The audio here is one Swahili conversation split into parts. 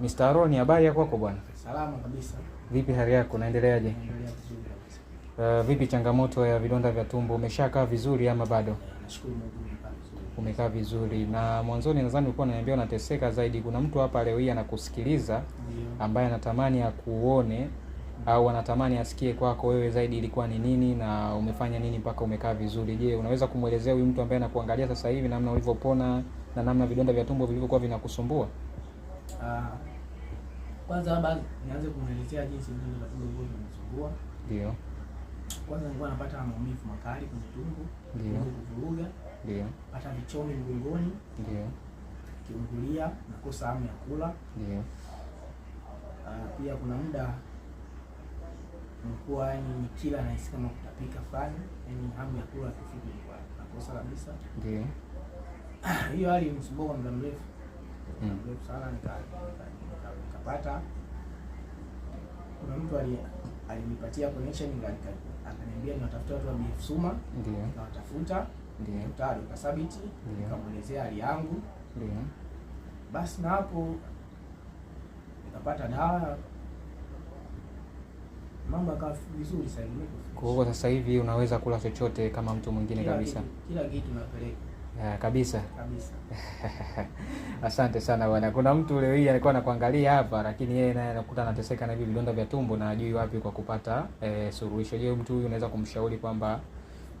Mr. Arol, ni habari ya kwako bwana? Salama kabisa. Vipi hali yako, naendeleaje? Uh, vipi changamoto ya vidonda vya tumbo, umeshakaa vizuri ama bado? Eh, umekaa vizuri. Na mwanzoni nadhani ulikuwa unaniambia unateseka zaidi. Kuna mtu hapa leo hii anakusikiliza ambaye anatamani akuone au anatamani asikie kwako wewe zaidi ilikuwa ni nini na umefanya nini mpaka umekaa vizuri. Je, unaweza kumwelezea huyu mtu ambaye anakuangalia sasa hivi namna ulivyopona na namna vidonda vya tumbo vilivyokuwa vinakusumbua? Uh, kwanza labda nianze kumwelezea jinsi mdundo wa tumbo ulivyokuwa unanisumbua. Ndio. Kwanza nilikuwa napata maumivu makali kwenye tumbo, ndio kuvuruga, ndio pata vichomi mgongoni, ndio kiungulia, nakosa hamu ya kula, ndio uh, pia kuna muda nilikuwa yani nikila nahisi kama kutapika fulani, yani hamu ya kula kufika ilikuwa nakosa kabisa. Ndio ah, hiyo hali ilinisumbua kwa muda mrefu, muda mm. mrefu sana nikaa nikapata, kuna mtu alinipatia connection, akaniambia niwatafuta watu wa BF Suma, nikawatafuta tayari ukasabiti, nikamwelezea hali yangu, basi na hapo nikapata dawa, mambo akawa vizuri. Sasa hivi sasa hivi unaweza kula chochote kama mtu mwingine kabisa, kila kitu napeleka Eh, kabisa, kabisa. Asante sana bwana. Kuna mtu leo hii alikuwa anakuangalia hapa lakini yeye naye anakuta anateseka na hivi vidonda vya tumbo na ajui wapi kwa kupata e, suluhisho. Je, mtu huyu unaweza kumshauri kwamba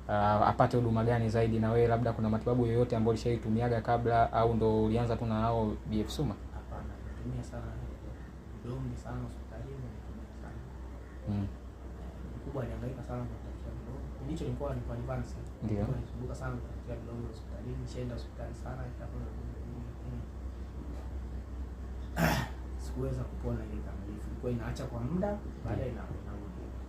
uh, apate huduma gani zaidi na wewe labda kuna matibabu yoyote ambayo ulishaitumiaga kabla au ndo ulianza tu na hao BF Suma? Hapana, natumia sana. Ndio, ni sana hospitalini. Mm. ni eh, hangaika sana kwa jicho lilikuwa liko advance, ndio nilisumbuka sana kufikia mdomo hospitalini, nishaenda hospitali sana, ikawa sikuweza kupona ile kamilifu, ilikuwa inaacha kwa muda, baada ina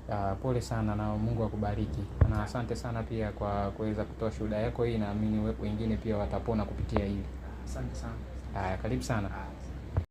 Uh, ah, pole sana na Mungu akubariki na asante sana pia kwa kuweza kutoa shuhuda yako hii. Naamini wengine pia watapona kupitia hili. Asante sana. Haya, karibu sana. uh.